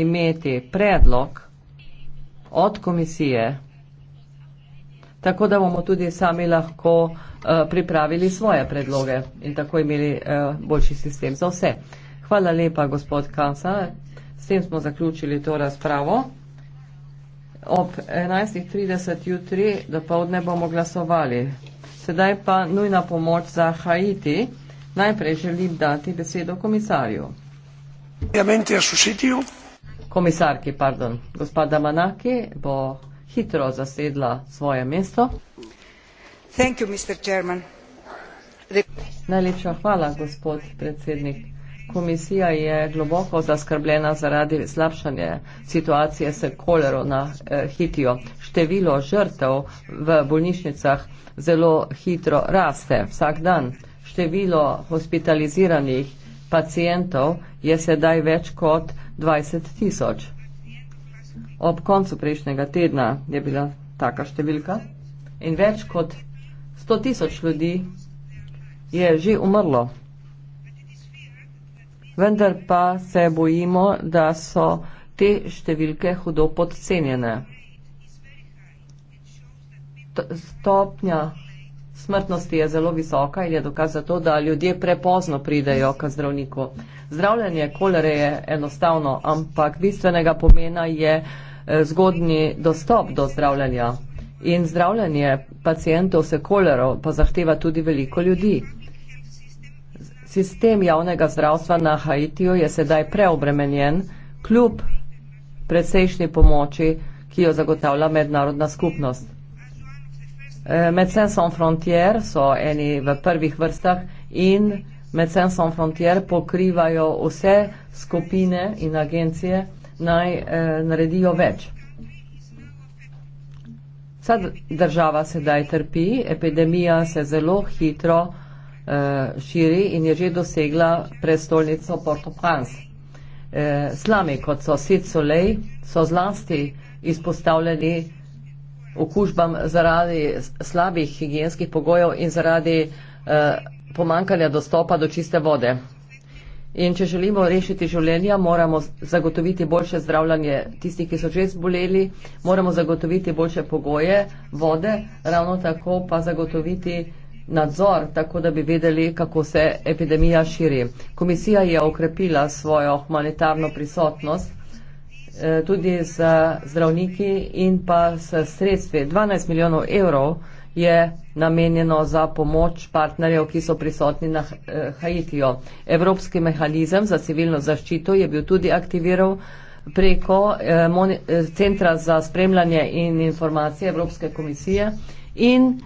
imeti predlog od komisije, tako da bomo tudi sami lahko uh, pripravili svoje predloge in tako imeli uh, boljši sistem za vse. Hvala lepa, gospod Kasa. S tem smo zaključili to razpravo. Ob 11.30 jutri do povdne bomo glasovali. Sedaj pa nujna pomoč za Haiti. Najprej želim dati besedo komisarju. Ja, komisarki, pardon, gospa Damanaki bo hitro zasedla svoje mesto. You, The... Najlepša hvala, gospod predsednik. Komisija je globoko zaskrbljena zaradi slabšanja situacije s kolero na eh, hitijo. Število žrtev v bolnišnicah zelo hitro raste vsak dan. Število hospitaliziranih pacijentov je sedaj več kot 20 tisoč. Ob koncu prejšnjega tedna je bila taka številka in več kot 100 tisoč ljudi je že umrlo. Vendar pa se bojimo, da so te številke hudo podcenjene. T stopnja smrtnosti je zelo visoka in je dokaz za to, da ljudje prepozno pridejo k zdravniku. Zdravljanje kolere je enostavno, ampak bistvenega pomena je eh, zgodni dostop do zdravljanja. In zdravljanje pacijentov se kolero pa zahteva tudi veliko ljudi. Sistem javnega zdravstva na Haitiju je sedaj preobremenjen, kljub predsejšnji pomoči, ki jo zagotavlja mednarodna skupnost. Eh, Medicine sans frontier so eni v prvih vrstah in med Sans Frontier pokrivajo vse skupine in agencije, naj eh, naredijo več. Vsa država sedaj trpi, epidemija se zelo hitro eh, širi in je že dosegla prestolnico Port-au-Prince. Eh, slami, kot so Sid Soleil, so zlasti izpostavljeni okužbam zaradi slabih higijenskih pogojev in zaradi eh, pomankanja dostopa do čiste vode. In če želimo rešiti življenja, moramo zagotoviti boljše zdravljanje tistih, ki so že zboleli, moramo zagotoviti boljše pogoje vode, ravno tako pa zagotoviti nadzor, tako da bi vedeli, kako se epidemija širi. Komisija je okrepila svojo humanitarno prisotnost eh, tudi z zdravniki in pa s sredstvi 12 milijonov evrov je namenjeno za pomoč partnerjev, ki so prisotni na eh, Haitiju. Evropski mehanizem za civilno zaščito je bil tudi aktiviral preko eh, eh, Centra za spremljanje in informacije Evropske komisije in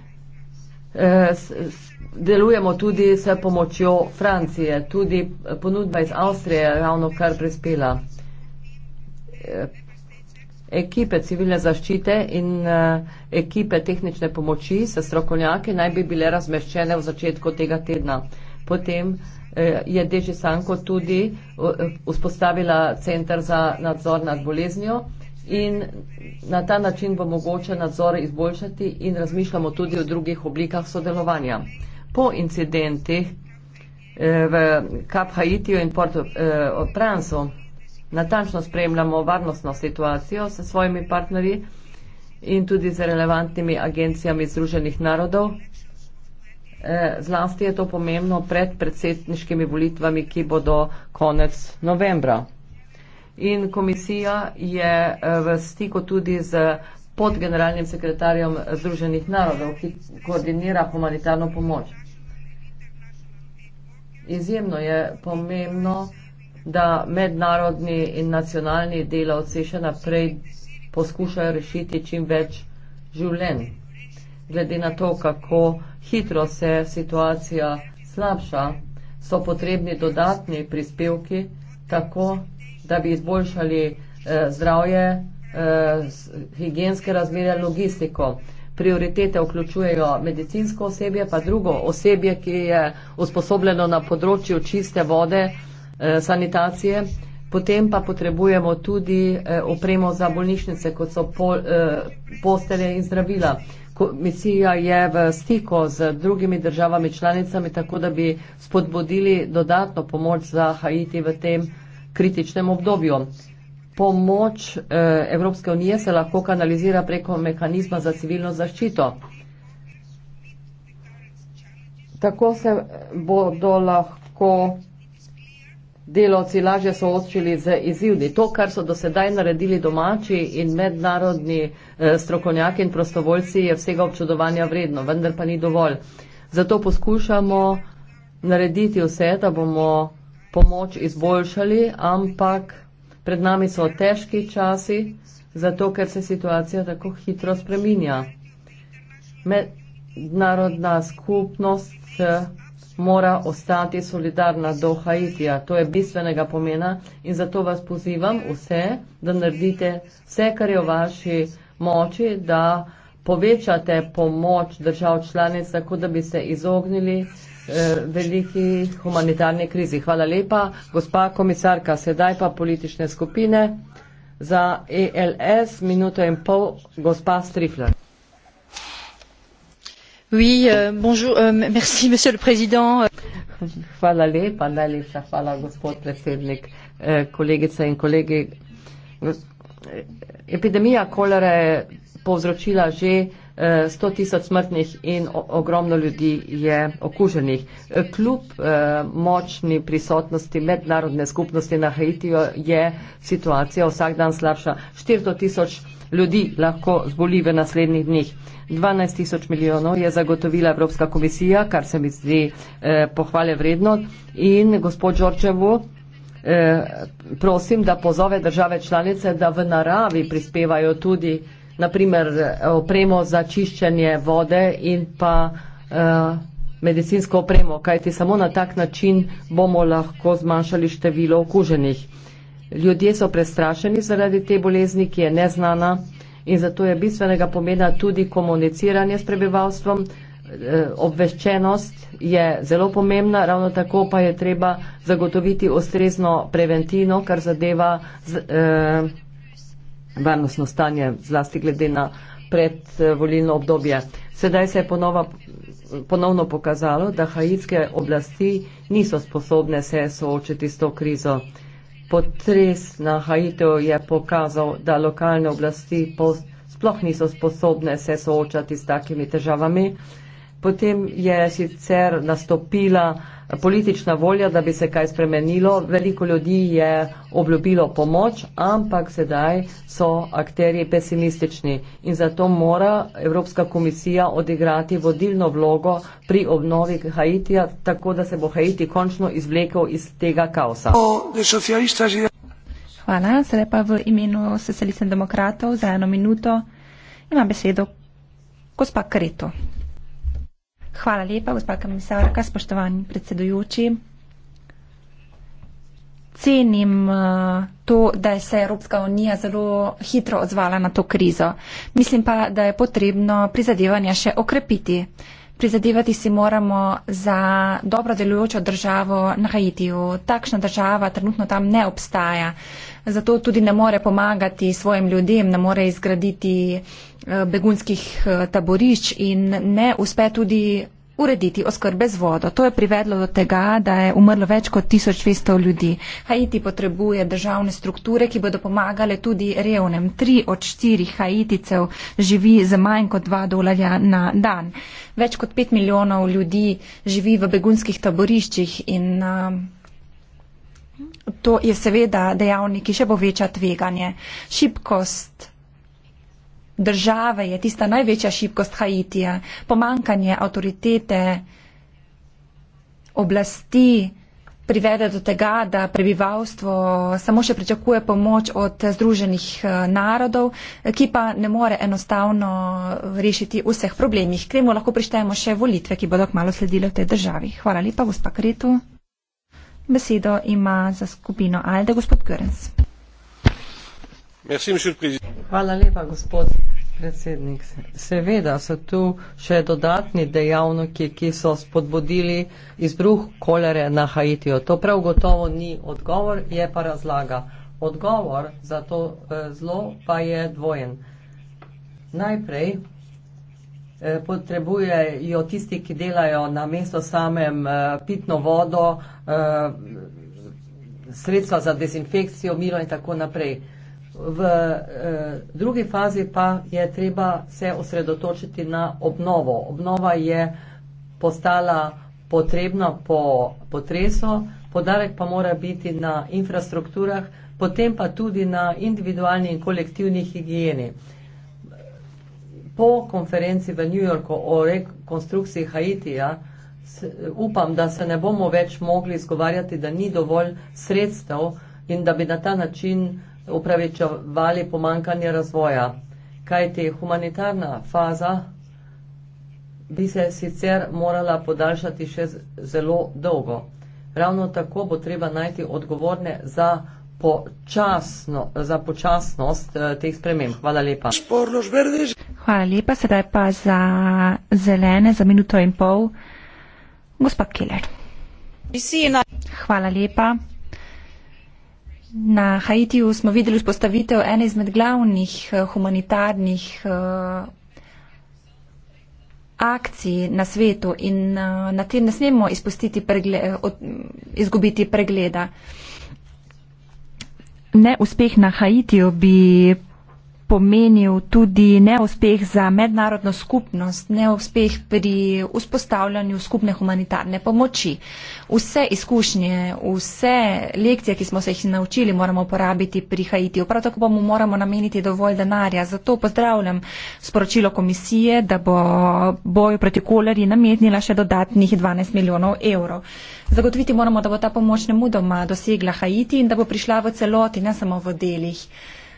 delujemo tudi s pomočjo Francije. Tudi ponudba iz Avstrije je ravno kar prispela ekipe civilne zaščite in eh, ekipe tehnične pomoči se strokovnjaki naj bi bile razmeščene v začetku tega tedna. Potem eh, je Deži Sanko tudi eh, vzpostavila centr za nadzor nad boleznjo in na ta način bo mogoče nadzor izboljšati in razmišljamo tudi o drugih oblikah sodelovanja. Po incidentih v Kap Haitiju in Port Pransu. Eh, natančno spremljamo varnostno situacijo s svojimi partnerji in tudi z relevantnimi agencijami Združenih narodov. E, zlasti je to pomembno pred predsedniškimi volitvami, ki bodo konec novembra. In komisija je e, v stiku tudi z podgeneralnim sekretarjem Združenih narodov, ki koordinira humanitarno pomoč. Izjemno je pomembno, da da mednarodni in nacionalni delavci še naprej poskušajo rešiti čim več življenj. Glede na to, kako hitro se situacija slabša, so potrebni dodatni prispevki, tako da bi izboljšali eh, zdravje, eh, higijenske razmere, logistiko. Prioritete vključujejo medicinsko osebje, pa drugo osebje, ki je usposobljeno na področju čiste vode, eh, Eh, sanitacije. Potem pa potrebujemo tudi eh, opremo za bolnišnice, kot so pol, eh, postelje in zdravila. Komisija je v stiku z drugimi državami članicami, tako da bi spodbudili dodatno pomoč za Haiti v tem kritičnem obdobju. Pomoč Evropske unije se lahko kanalizira preko mehanizma za civilno zaščito. Tako se bodo lahko delavci lažje soočili z izzivi. To, kar so do sedaj naredili domači in mednarodni eh, strokovnjaki in prostovoljci, je vsega občudovanja vredno, vendar pa ni dovolj. Zato poskušamo narediti vse, da bomo pomoč izboljšali, ampak pred nami so težki časi, zato ker se situacija tako hitro spreminja. Mednarodna skupnost. Eh, mora ostati solidarna do Haitija. To je bistvenega pomena in zato vas pozivam vse, da naredite vse, kar je v vaši moči, da povečate pomoč držav članic, tako da bi se izognili eh, veliki humanitarni krizi. Hvala lepa, gospa komisarka. Sedaj pa politične skupine za ELS, minuto in pol, gospa Strifler. Euh, euh, hvala lepa, najlepša hvala, gospod predsednik, eh, kolegice in kolegi. Eh, epidemija kolere je povzročila že 100 tisoč smrtnih in ogromno ljudi je okuženih. Kljub eh, močni prisotnosti mednarodne skupnosti na Haitiju je situacija vsak dan slabša. 400 tisoč ljudi lahko zboli v naslednjih dneh. 12 tisoč milijonov je zagotovila Evropska komisija, kar se mi zdi eh, pohvale vredno. In gospod Đorčevo. Eh, prosim, da pozove države članice, da v naravi prispevajo tudi naprimer eh, opremo za čiščenje vode in pa eh, medicinsko opremo, kajti samo na tak način bomo lahko zmanjšali število okuženih. Ljudje so prestrašeni zaradi te bolezni, ki je neznana in zato je bistvenega pomena tudi komuniciranje s prebivalstvom. Eh, obveščenost je zelo pomembna, ravno tako pa je treba zagotoviti ustrezno preventivno, kar zadeva. Z, eh, varnostno stanje, zlasti glede na predvolilno obdobje. Sedaj se je ponova, ponovno pokazalo, da haitske oblasti niso sposobne se soočiti s to krizo. Potres na Haitiju je pokazal, da lokalne oblasti sploh niso sposobne se soočati s takimi težavami. Potem je sicer nastopila politična volja, da bi se kaj spremenilo. Veliko ljudi je obljubilo pomoč, ampak sedaj so akteri pesimistični in zato mora Evropska komisija odigrati vodilno vlogo pri obnovi Haitija, tako da se bo Haiti končno izvlekel iz tega kaosa. Hvala, sedaj pa v imenu socialistov demokratov za eno minuto ima besedo gospa Kreto. Hvala lepa, gospod komisarka, spoštovani predsedujoči. Cenim eh, to, da je se Evropska unija zelo hitro odzvala na to krizo. Mislim pa, da je potrebno prizadevanja še okrepiti prizadevati si moramo za dobro delujočo državo na Haitiju. Takšna država trenutno tam ne obstaja. Zato tudi ne more pomagati svojim ljudem, ne more izgraditi eh, begunskih eh, taborišč in ne uspe tudi urediti oskrbe z vodo. To je privedlo do tega, da je umrlo več kot 1200 ljudi. Haiti potrebuje državne strukture, ki bodo pomagale tudi revnem. Tri od štirih Haiticev živi za manj kot 2 dolarja na dan. Več kot 5 milijonov ljudi živi v begunskih taboriščih in uh, to je seveda dejavnik, ki še bo večja tveganje. Šipkost države je tista največja šibkost Haitija, pomankanje avtoritete, oblasti privede do tega, da prebivalstvo samo še pričakuje pomoč od Združenih eh, narodov, ki pa ne more enostavno rešiti vseh problemih. Kremu lahko prištejemo še volitve, ki bodo kmalo sledile v tej državi. Hvala lepa, gospa Kretu. Besedo ima za skupino Alde, gospod Görens. Hvala lepa, gospod predsednik. Seveda so tu še dodatni dejavniki, ki so spodbudili izbruh kolere na Haitijo. To prav gotovo ni odgovor, je pa razlaga. Odgovor za to eh, zlo pa je dvojen. Najprej eh, potrebujejo tisti, ki delajo na mesto samem eh, pitno vodo, sredstva za dezinfekcijo, milo in tako naprej v eh, drugi fazi pa je treba se osredotočiti na obnovo. Obnova je postala potrebna po potresu, podarek pa mora biti na infrastrukturah, potem pa tudi na individualni in kolektivni higieni. Po konferenci v New Yorku o rekonstrukciji Haitija upam, da se ne bomo več mogli izgovarjati, da ni dovolj sredstev in da bi na ta način upravičevali pomankanje razvoja. Kaj ti humanitarna faza bi se sicer morala podaljšati še zelo dolgo. Ravno tako bo treba najti odgovorne za, počasno, za počasnost eh, teh sprememb. Hvala lepa. Hvala lepa, sedaj pa za zelene, za minuto in pol. Gospod Keller. Hvala lepa. Na Haitiju smo videli vzpostavitev ene izmed glavnih eh, humanitarnih eh, akcij na svetu in eh, na te ne smemo izpustiti, pregle, izgubiti pregleda. Neuspeh na Haitiju bi pomenil tudi neuspeh za mednarodno skupnost, neuspeh pri vzpostavljanju skupne humanitarne pomoči. Vse izkušnje, vse lekcije, ki smo se jih naučili, moramo uporabiti pri Haitiju. Prav tako bomo moramo nameniti dovolj denarja. Zato pozdravljam sporočilo komisije, da bo boju proti kolerji namenila še dodatnih 12 milijonov evrov. Zagotoviti moramo, da bo ta pomoč nemudoma dosegla Haiti in da bo prišla v celoti, ne samo v delih.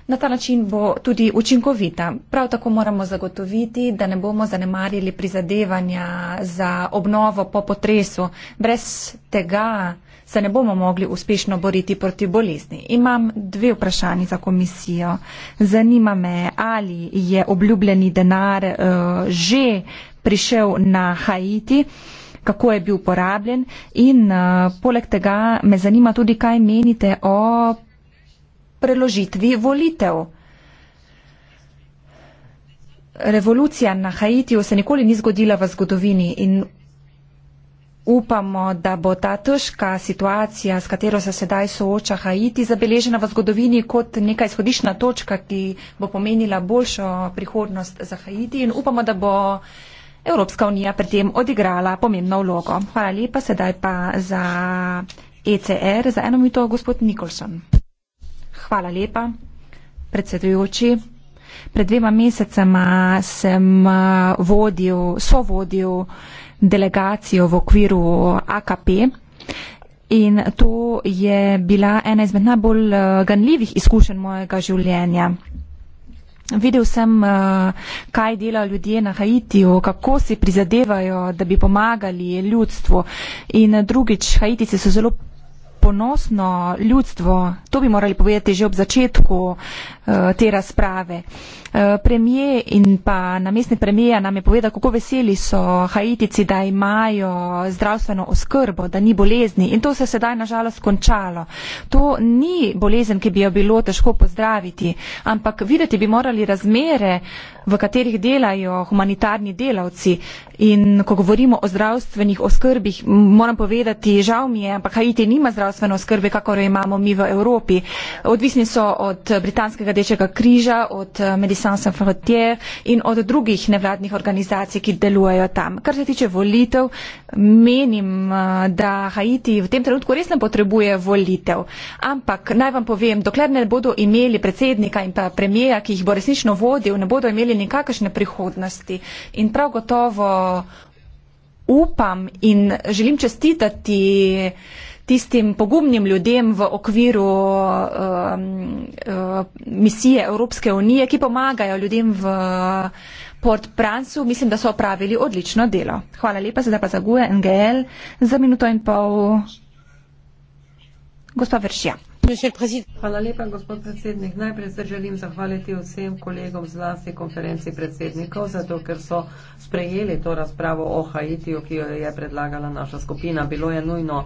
Na ta način bo tudi učinkovita. Prav tako moramo zagotoviti, da ne bomo zanemarili prizadevanja za obnovo po potresu. Brez tega se ne bomo mogli uspešno boriti proti bolezni. Imam dve vprašanji za komisijo. Zanima me, ali je obljubljeni denar uh, že prišel na Haiti, kako je bil porabljen in uh, poleg tega me zanima tudi, kaj menite o preložitvi volitev. Revolucija na Haitiju se nikoli ni zgodila v zgodovini in upamo, da bo ta težka situacija, s katero se sedaj sooča Haiti, zabeležena v zgodovini kot neka izhodišna točka, ki bo pomenila boljšo prihodnost za Haiti in upamo, da bo Evropska unija pri tem odigrala pomembno vlogo. Hvala lepa sedaj pa za ECR, za eno minuto gospod Nikolson. Hvala lepa, predsedujoči. Pred dvema mesecema sem eh, vodil, sovodil delegacijo v okviru AKP in to je bila ena izmed najbolj eh, ganljivih izkušenj mojega življenja. Videl sem, eh, kaj delajo ljudje na Haitiju, kako si prizadevajo, da bi pomagali ljudstvu. In drugič, Haitici so zelo ponosno ljudstvo, to bi morali povedati že ob začetku, Eh, te razprave. Eh, Premije in pa namestni premija nam je povedal, kako veseli so Haitici, da imajo zdravstveno oskrbo, da ni bolezni in to se je sedaj nažalost končalo. To ni bolezen, ki bi jo bilo težko pozdraviti, ampak videti bi morali razmere, v katerih delajo humanitarni delavci in ko govorimo o zdravstvenih oskrbih, moram povedati, žal mi je, ampak Haiti nima zdravstveno oskrbe, kakor jo imamo mi v Evropi. Odvisni so od britanskega Rdečega križa, od eh, Medicine Sans Frontier in od drugih nevladnih organizacij, ki delujejo tam. Kar se tiče volitev, menim, eh, da Haiti v tem trenutku res ne potrebuje volitev. Ampak naj vam povem, dokler ne bodo imeli predsednika in pa premijeja, ki jih bo resnično vodil, ne bodo imeli nikakršne prihodnosti. In prav gotovo upam in želim čestitati tistim pogumnim ljudem v okviru uh, uh, misije Evropske unije, ki pomagajo ljudem v Port Prancu. Mislim, da so opravili odlično delo. Hvala lepa, zdaj pa zaguje NGL za minuto in pol. Gospod Vršija. Hvala lepa, gospod predsednik. Najprej se želim zahvaliti vsem kolegom z lasti konferenci predsednikov, zato ker so sprejeli to razpravo o Haitiju, ki jo je predlagala naša skupina. Bilo je nujno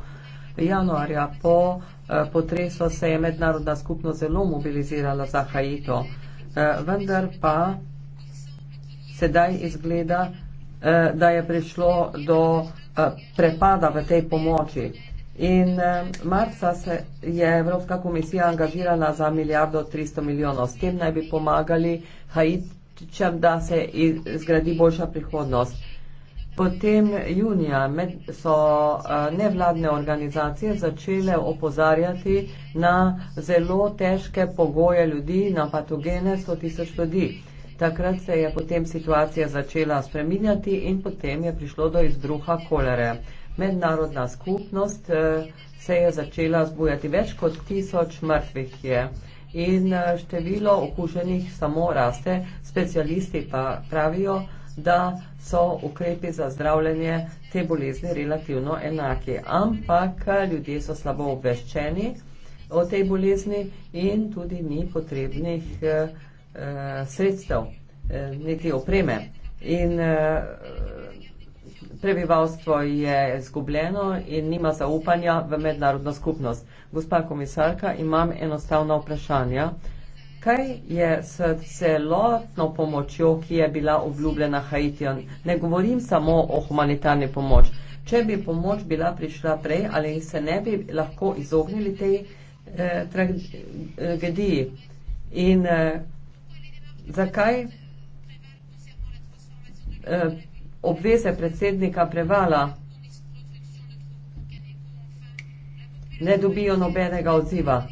januarja po eh, potresu se je mednarodna skupnost zelo mobilizirala za Haito. Eh, vendar pa sedaj izgleda, eh, da je prišlo do prepada v tej pomoči. In marca se je Evropska komisija angažirala za milijardo 300 milijonov. S tem naj bi pomagali Haitičem, da se zgradi boljša prihodnost. Potem junija med, so eh, nevladne organizacije začele opozarjati na zelo težke pogoje ljudi, na patogene 100 tisoč ljudi. Takrat se je potem situacija začela spreminjati in potem je prišlo do izbruha kolere. Mednarodna skupnost eh, se je začela zbujati. Več kot tisoč mrtvih je in eh, število okuženih samo raste, specialisti pa pravijo, da so ukrepi za zdravljenje te bolezni relativno enaki. Ampak ljudje so slabo obveščeni o tej bolezni in tudi ni potrebnih eh, sredstev, eh, niti opreme. In eh, prebivalstvo je zgubljeno in nima zaupanja v mednarodno skupnost. Gospa komisarka, imam enostavna vprašanja. Kaj je s celotno pomočjo, ki je bila obljubljena Haitijem? Ne govorim samo o humanitarni pomoči. Če bi pomoč bila prišla prej, ali se ne bi lahko izognili tej eh, tragediji? In eh, zakaj eh, obveze predsednika prevala ne dobijo nobenega odziva?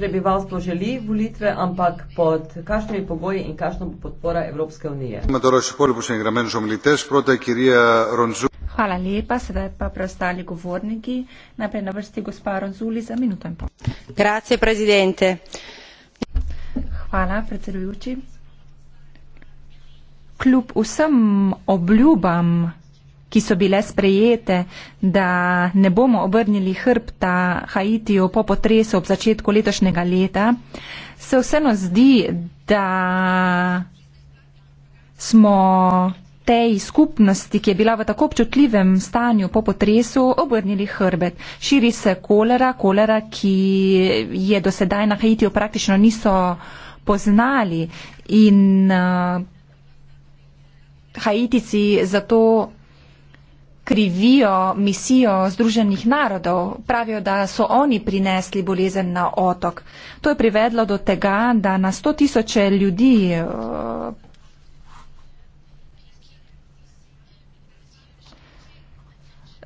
prebivalstvo želi volitve, ampak pod kakšnimi pogoji in kakšna bo podpora Evropske unije. Torej Hvala lepa, sedaj pa preostali govorniki. Najprej na vrsti gospa Ronzuli za minuto in pol. Grazie, predsedente. Hvala, predsedujoči. Kljub vsem obljubam ki so bile sprejete, da ne bomo obrnili hrbta Haitiju po potresu ob začetku letošnjega leta, se vseeno zdi, da smo tej skupnosti, ki je bila v tako občutljivem stanju po potresu, obrnili hrbet. Širi se kolera, kolera, ki je do sedaj na Haitiju praktično niso poznali in uh, Haitici zato krivijo misijo Združenih narodov. Pravijo, da so oni prinesli bolezen na otok. To je privedlo do tega, da na sto tisoče ljudi. Eh,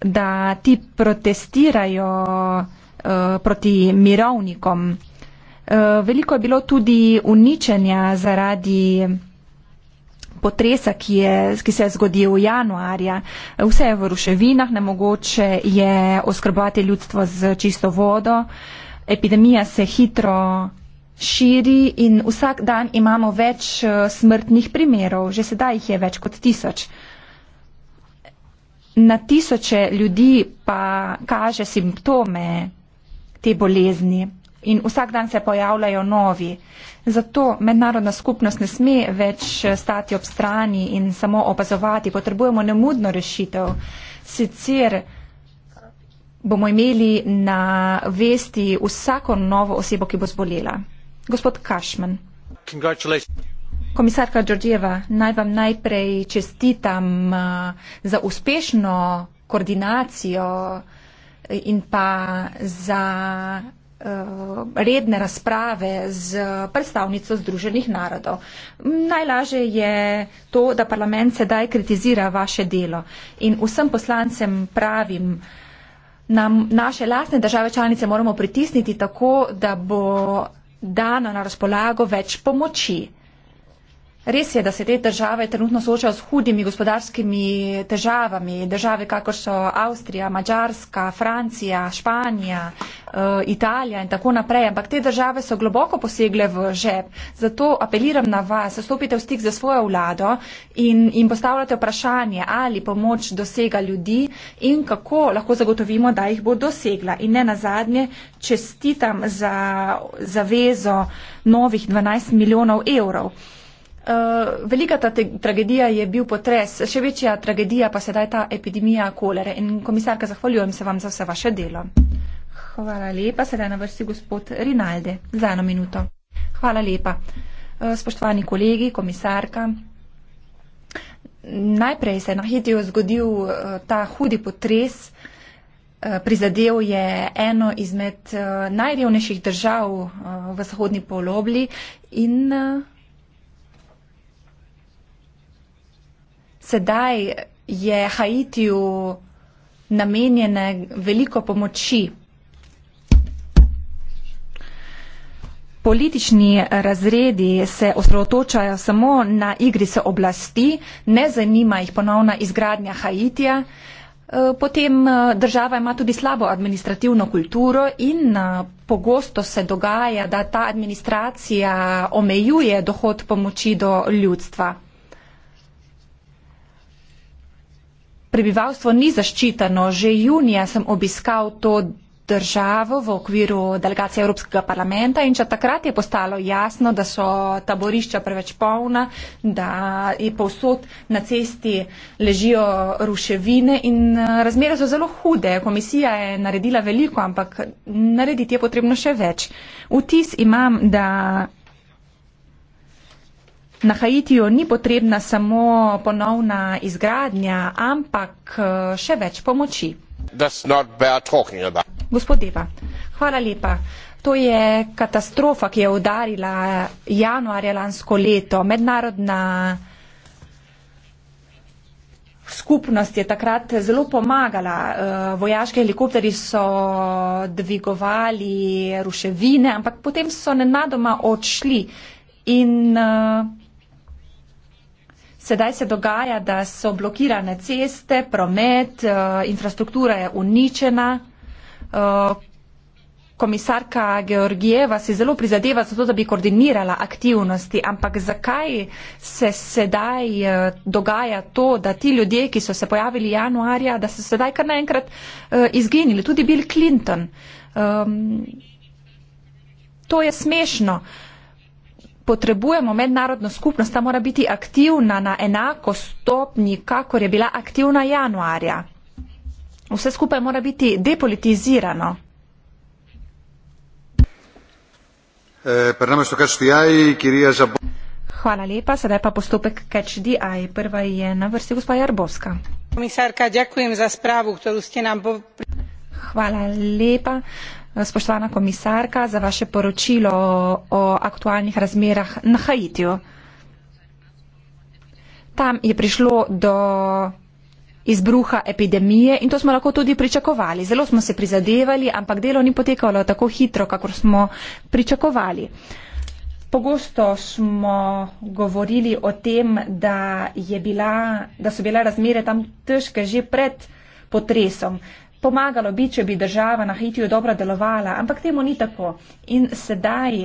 da ti protestirajo uh, proti mirovnikom. Uh, veliko je bilo tudi uničenja zaradi potresa, ki, je, ki se je zgodil v januarja. Vse je v ruševinah, ne mogoče je oskrbati ljudstvo z čisto vodo. Epidemija se hitro širi in vsak dan imamo več eh, smrtnih primerov. Že sedaj jih je več kot tisoč. Na tisoče ljudi pa kaže simptome te bolezni in vsak dan se pojavljajo novi. Zato mednarodna skupnost ne sme več eh, stati ob strani in samo opazovati. Potrebujemo nemudno rešitev. Sicer bomo imeli na vesti vsako novo osebo, ki bo zbolela. Gospod Kašman. Komisarka Đorđeva, naj vam najprej čestitam eh, za uspešno koordinacijo eh, in pa za Eh, redne razprave z predstavnico Združenih narodov. Najlažje je to, da parlament sedaj kritizira vaše delo in vsem poslancem pravim, nam naše lasne države članice moramo pritisniti tako, da bo dano na razpolago več pomoči. Res je, da se te države trenutno soočajo s hudimi gospodarskimi težavami. Države, kakor so Avstrija, Mačarska, Francija, Španija, eh, Italija in tako naprej. Ampak te države so globoko posegle v žep. Zato apeliram na vas, stopite v stik za svojo vlado in, in postavljate vprašanje, ali pomoč dosega ljudi in kako lahko zagotovimo, da jih bo dosegla. In ne nazadnje, čestitam za zavezo novih 12 milijonov evrov. Eh, velika ta tragedija je bil potres, še večja tragedija pa sedaj ta epidemija kolere. In komisarka, zahvaljujem se vam za vse vaše delo. Hvala lepa, sedaj na vrsti gospod Rinalde za eno minuto. Hvala lepa. Eh, spoštovani kolegi, komisarka. Najprej se je na Hitiju zgodil eh, ta hudi potres. Prizadev je eno izmed najrevnejših držav v zahodni polobli in sedaj je Haitiju namenjene veliko pomoči. Politični razredi se osredotočajo samo na igri se oblasti, ne zanima jih ponovna izgradnja Haitija. Eh, potem eh, država ima tudi slabo administrativno kulturo in eh, pogosto se dogaja, da ta administracija omejuje dohod pomoči do ljudstva. prebivalstvo ni zaščiteno. Že junija sem obiskal to državo v okviru delegacije Evropskega parlamenta in če takrat je postalo jasno, da so taborišča preveč polna, da je povsod na cesti ležijo ruševine in eh, razmere so zelo hude. Komisija je naredila veliko, ampak narediti je potrebno še več. Vtis imam, da Na Haitiju ni potrebna samo ponovna izgradnja, ampak eh, še več pomoči. Gospod Deva, hvala lepa. To je katastrofa, ki je udarila januarja lansko leto. Mednarodna skupnost je takrat zelo pomagala. Eh, vojaški helikopteri so dvigovali ruševine, ampak potem so nenadoma odšli. In, uh, Sedaj se dogaja, da so blokirane ceste, promet, eh, infrastruktura je uničena. Eh, komisarka Georgijeva si zelo prizadeva za to, da bi koordinirala aktivnosti, ampak zakaj se sedaj eh, dogaja to, da ti ljudje, ki so se pojavili januarja, da so sedaj kar naenkrat izginili, tudi Bill Clinton. Ehm, to je smešno potrebujemo mednarodno skupnost, ta mora biti aktivna na enako stopnji, kakor je bila aktivna januarja. Vse skupaj mora biti depolitizirano. Eh, Hvala lepa, sedaj pa postopek Catch the Eye. Prva je na vrsti gospa Jarbovska. Komisarka, za spravu, ste nam... Hvala lepa spoštovana komisarka, za vaše poročilo o, o aktualnih razmerah na Haitiju. Tam je prišlo do izbruha epidemije in to smo lahko tudi pričakovali. Zelo smo se prizadevali, ampak delo ni potekalo tako hitro, kakor smo pričakovali. Pogosto smo govorili o tem, da, bila, da so bile razmere tam težke že pred potresom pomagalo bi, če bi država na Haitiju dobro delovala, ampak temu ni tako. In sedaj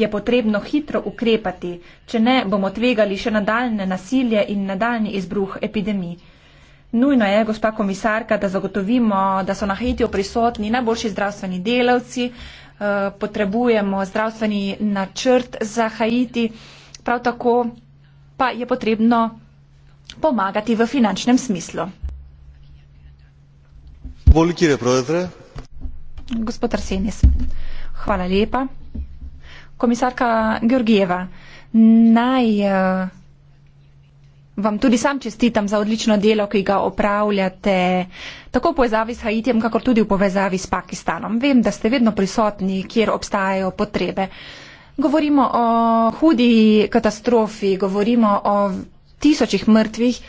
je potrebno hitro ukrepati, če ne bomo tvegali še nadaljne nasilje in nadaljni izbruh epidemij. Nujno je, gospa komisarka, da zagotovimo, da so na Haitiju prisotni najboljši zdravstveni delavci, eh, potrebujemo zdravstveni načrt za Haiti, prav tako pa je potrebno pomagati v finančnem smislu. Gospod Arsenis, hvala lepa. Komisarka Georgijeva, naj eh, vam tudi sam čestitam za odlično delo, ki ga opravljate tako v povezavi s Haitijem, kakor tudi v povezavi s Pakistanom. Vem, da ste vedno prisotni, kjer obstajajo potrebe. Govorimo o hudi katastrofi, govorimo o tisočih mrtvih,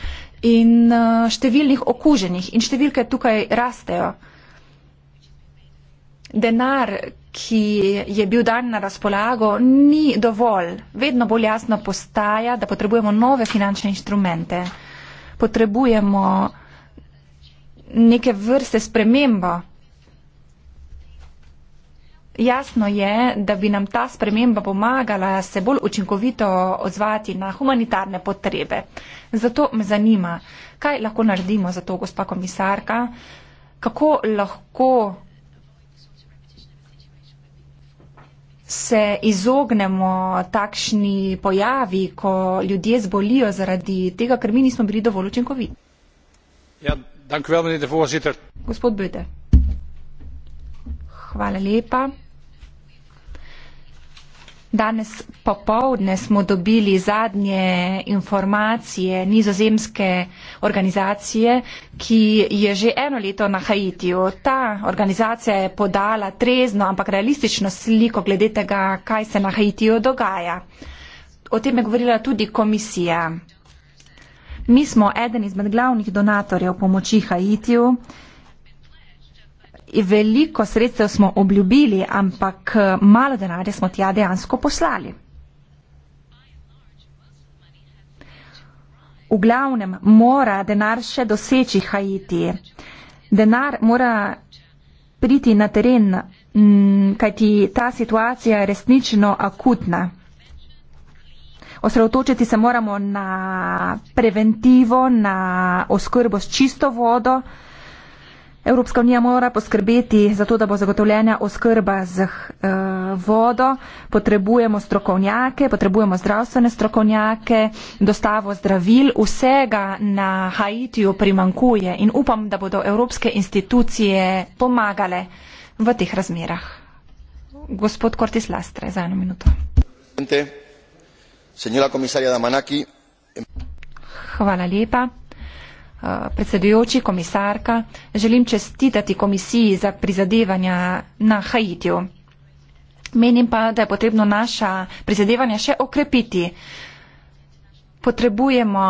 in eh, številnih okuženih in številke tukaj rastejo. Denar, ki je bil dan na razpolago, ni dovolj. Vedno bolj jasno postaja, da potrebujemo nove finančne inštrumente. Potrebujemo neke vrste spremembo. Jasno je, da bi nam ta sprememba pomagala se bolj učinkovito odzvati na humanitarne potrebe. Zato me zanima, kaj lahko naredimo za to, gospa komisarka, kako lahko se izognemo takšni pojavi, ko ljudje zbolijo zaradi tega, ker mi nismo bili dovolj učinkoviti. Ja, dank u wel, meneer de voorzitter. Gospod Bede. Hvala lepa. Danes popovdne smo dobili zadnje informacije nizozemske organizacije, ki je že eno leto na Haitiju. Ta organizacija je podala trezno, ampak realistično sliko glede tega, kaj se na Haitiju dogaja. O tem je govorila tudi komisija. Mi smo eden izmed glavnih donatorjev pomoči Haitiju veliko sredstev smo obljubili, ampak eh, malo denarja smo tja dejansko poslali. V glavnem mora denar še doseči Haiti. Denar mora priti na teren, mm, kajti ta situacija je resnično akutna. Osredotočiti se moramo na preventivo, na oskrbo s čisto vodo, Evropska unija mora poskrbeti za to, da bo zagotovljena oskrba z uh, vodo. Potrebujemo strokovnjake, potrebujemo zdravstvene strokovnjake, dostavo zdravil. Vsega na Haitiju primankuje in upam, da bodo evropske institucije pomagale v teh razmerah. Gospod Kortis Lastre, za eno minuto. Hvala lepa predsedujoči, komisarka, želim čestitati komisiji za prizadevanja na Haitiju. Menim pa, da je potrebno naša prizadevanja še okrepiti. Potrebujemo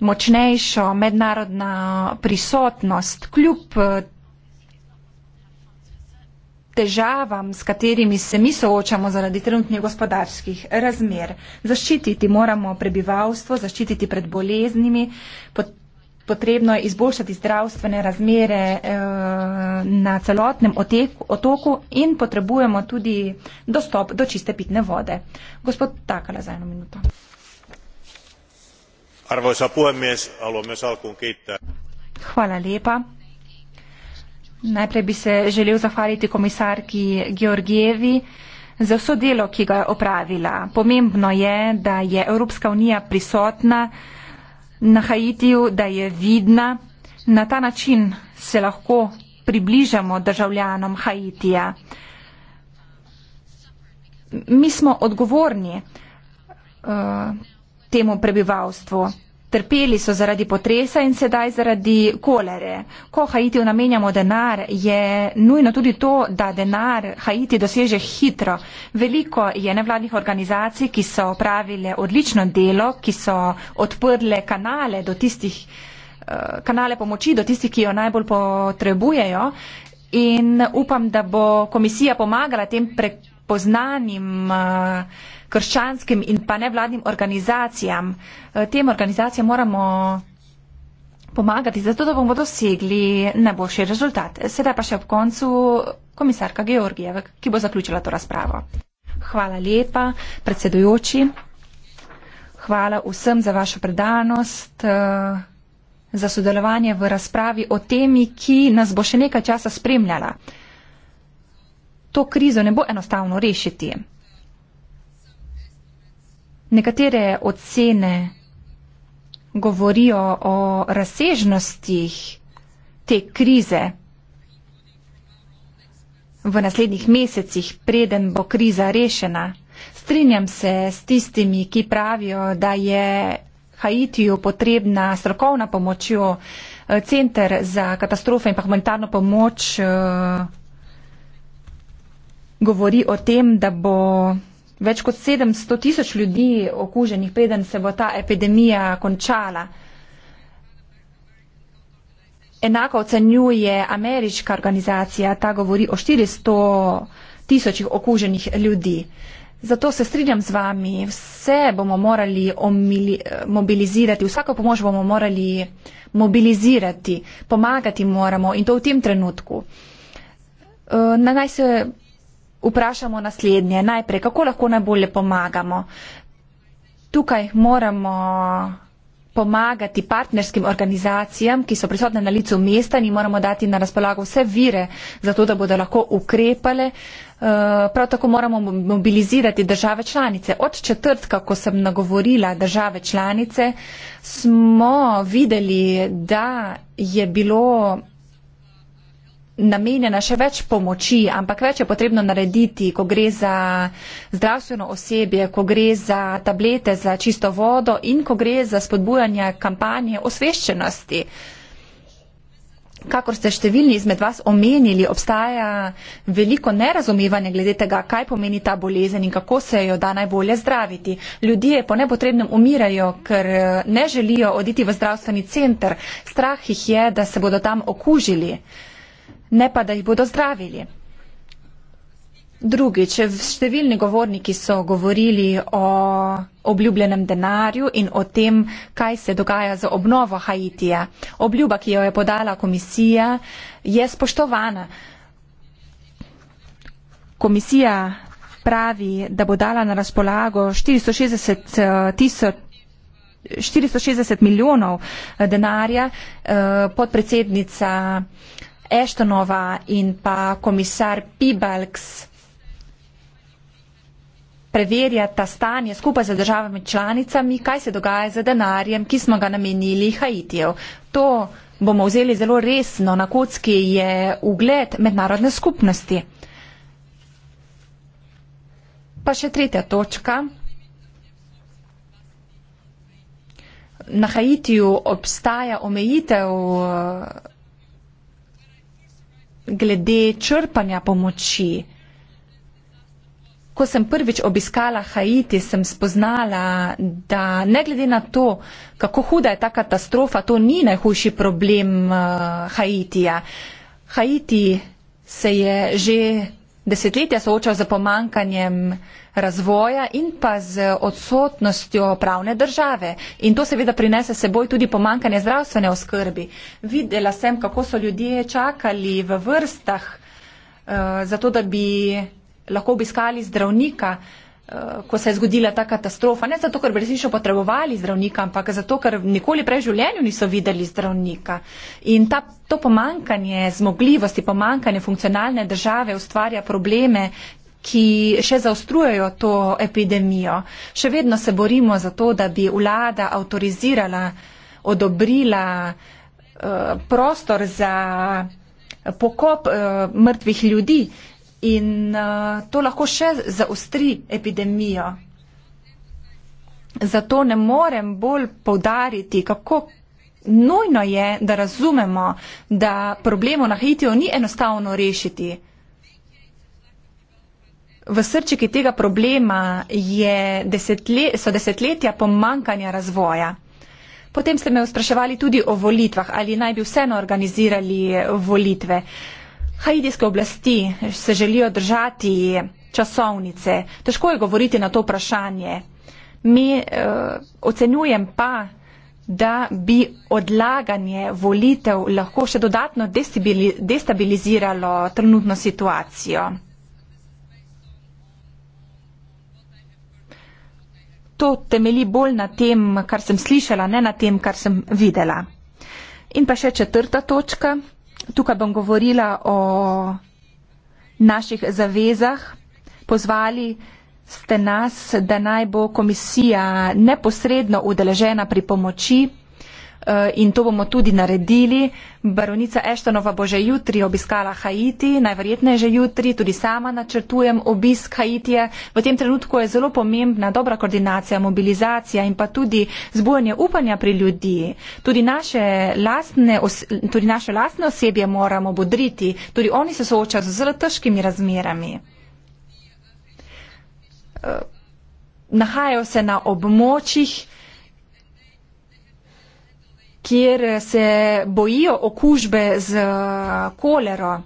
močnejšo mednarodno prisotnost, kljub težavam, s katerimi se mi soočamo zaradi trenutnih gospodarskih razmer. Zaščititi moramo prebivalstvo, zaščititi pred boleznimi, potrebno izboljšati zdravstvene razmere eh, na celotnem otoku in potrebujemo tudi dostop do čiste pitne vode. Gospod Takala za eno minuto. Arvoisa puhemies, haluan myös alkuun kiittää. Hvala lepa. Najprej bi se želel zahvaliti komisarki Georgijevi za vso delo, ki ga je opravila. Pomembno je, da je Evropska unija prisotna, na Haitiju, da je vidna. Na ta način se lahko približamo državljanom Haitija. Mi smo odgovorni uh, temu prebivalstvu. Trpeli so zaradi potresa in sedaj zaradi kolere. Ko Haitiju namenjamo denar, je nujno tudi to, da denar Haiti doseže hitro. Veliko je nevladnih organizacij, ki so pravile odlično delo, ki so odprle kanale, tistih, eh, kanale pomoči do tistih, ki jo najbolj potrebujejo. In upam, da bo komisija pomagala tem prepoznanim uh, krščanskim in pa nevladnim organizacijam. Eh, tem organizacijam moramo pomagati, zato da bomo dosegli najboljši rezultat. Sedaj pa še ob koncu komisarka Georgijeva, ki bo zaključila to razpravo. Hvala lepa, predsedujoči. Hvala vsem za vašo predanost, eh, za sodelovanje v razpravi o temi, ki nas bo še nekaj časa spremljala. To krizo ne bo enostavno rešiti. Nekatere ocene govorijo o razsežnostih te krize v naslednjih mesecih, preden bo kriza rešena. Strinjam se s tistimi, ki pravijo, da je Haitiju potrebna strokovna pomoč, eh, center za katastrofe in pa humanitarno pomoč eh, govori o tem, da bo več kot 700 tisoč ljudi okuženih, preden se bo ta epidemija končala. Enako ocenjuje ameriška organizacija, ta govori o 400 tisočih okuženih ljudi. Zato se strinjam z vami, vse bomo morali mobilizirati, vsako pomoč bomo morali mobilizirati, pomagati moramo in to v tem trenutku. Eh, na naj se vprašamo naslednje, najprej, kako lahko najbolje pomagamo. Tukaj moramo pomagati partnerskim organizacijam, ki so prisotne na licu mesta in jim moramo dati na razpolago vse vire, zato da bodo lahko ukrepale. Eh, prav tako moramo mobilizirati države članice. Od četrtka, ko sem nagovorila države članice, smo videli, da je bilo namenjena še več pomoči, ampak več je potrebno narediti, ko gre za zdravstveno osebje, ko gre za tablete za čisto vodo in ko gre za spodbujanje kampanje osveščenosti. Kakor ste številni izmed vas omenili, obstaja veliko nerazumevanja glede tega, kaj pomeni ta bolezen in kako se jo da najbolje zdraviti. Ljudje po nepotrebnem umirajo, ker eh, ne želijo oditi v zdravstveni center. Strah jih je, da se bodo tam okužili. Uh, ne pa da jih bodo zdravili. Drugič, številni govorniki so govorili o obljubljenem denarju in o tem, kaj se dogaja z obnovo Haitija. Obljuba, ki jo je podala komisija, je spoštovana. Komisija pravi, da bo dala na razpolago 460 eh, tisoč. 460 milijonov eh, denarja, eh, podpredsednica Ashtonova in pa komisar Pibalks preverjata stanje skupaj z državami članicami, kaj se dogaja z denarjem, ki smo ga namenili Haitijev. To bomo vzeli zelo resno, na kocki je ugled mednarodne skupnosti. Pa še tretja točka. Na Haitiju obstaja omejitev glede črpanja pomoči. Ko sem prvič obiskala Haiti, sem spoznala, da ne glede na to, kako huda je ta katastrofa, to ni najhujši problem uh, Haitija. Haiti se je že desetletja soočal z pomankanjem razvoja in pa z odsotnostjo pravne države. In to seveda prinese seboj tudi pomankanje zdravstvene oskrbi. Videla sem, kako so ljudje čakali v vrstah, uh, zato da bi lahko obiskali zdravnika. Uh, Eh, ko se je zgodila ta katastrofa. Ne zato, ker bi resnično potrebovali zdravnika, ampak zato, ker nikoli prej v življenju niso videli zdravnika. In ta, to pomankanje zmogljivosti, pomankanje funkcionalne države ustvarja probleme ki še zaostrujejo to epidemijo. Še vedno se borimo za to, da bi vlada avtorizirala, odobrila uh, prostor za pokop uh, mrtvih ljudi, uh, In uh, to lahko še zaostri epidemijo. Zato ne morem bolj povdariti, kako nujno je, da razumemo, da problemov na Haitiju ni enostavno rešiti. V srčiki tega problema je desetlet, so desetletja pomankanja razvoja. Potem ste me spraševali tudi o volitvah, ali naj bi vseeno organizirali volitve. Uh, Haitijske oblasti se želijo držati časovnice. Težko je govoriti na to vprašanje. Mi uh, ocenjujem pa, da bi odlaganje volitev lahko še dodatno destabiliziralo trenutno situacijo. To temeli bolj na tem, kar sem slišala, ne na tem, kar sem videla. In pa še četrta točka. Tukaj bom govorila o naših zavezah. Pozvali ste nas, da naj bo komisija neposredno udeležena pri pomoči. Eh, in to bomo tudi naredili. Baronica Eštonova bo že jutri obiskala Haiti, najverjetneje že jutri, tudi sama načrtujem obisk Haitije. V tem trenutku je zelo pomembna dobra koordinacija, mobilizacija in pa tudi zbojanje upanja pri ljudi. Tudi naše lastne, tudi naše lastne osebje moramo bodriti, tudi oni se soočajo z zelo težkimi razmerami. Eh, nahajajo se na območjih, kjer se bojijo okužbe z eh, kolero.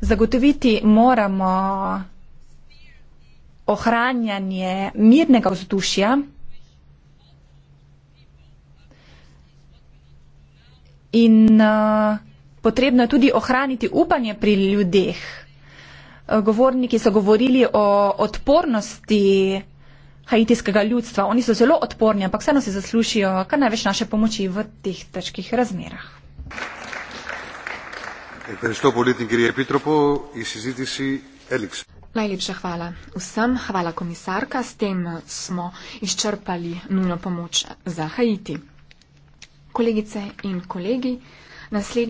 Zagotoviti moramo ohranjanje mirnega vzdušja in eh, potrebno je tudi ohraniti upanje pri ljudeh. Eh, govorniki so govorili o odpornosti haitijskega ljudstva. Oni so zelo odporni, ampak vseeno si zaslužijo kar največ naše pomoči v teh težkih razmerah. Najlepša hvala vsem, hvala komisarka, s tem eh, smo izčrpali nujno pomoč za Haiti. Kolegice in kolegi, naslednji.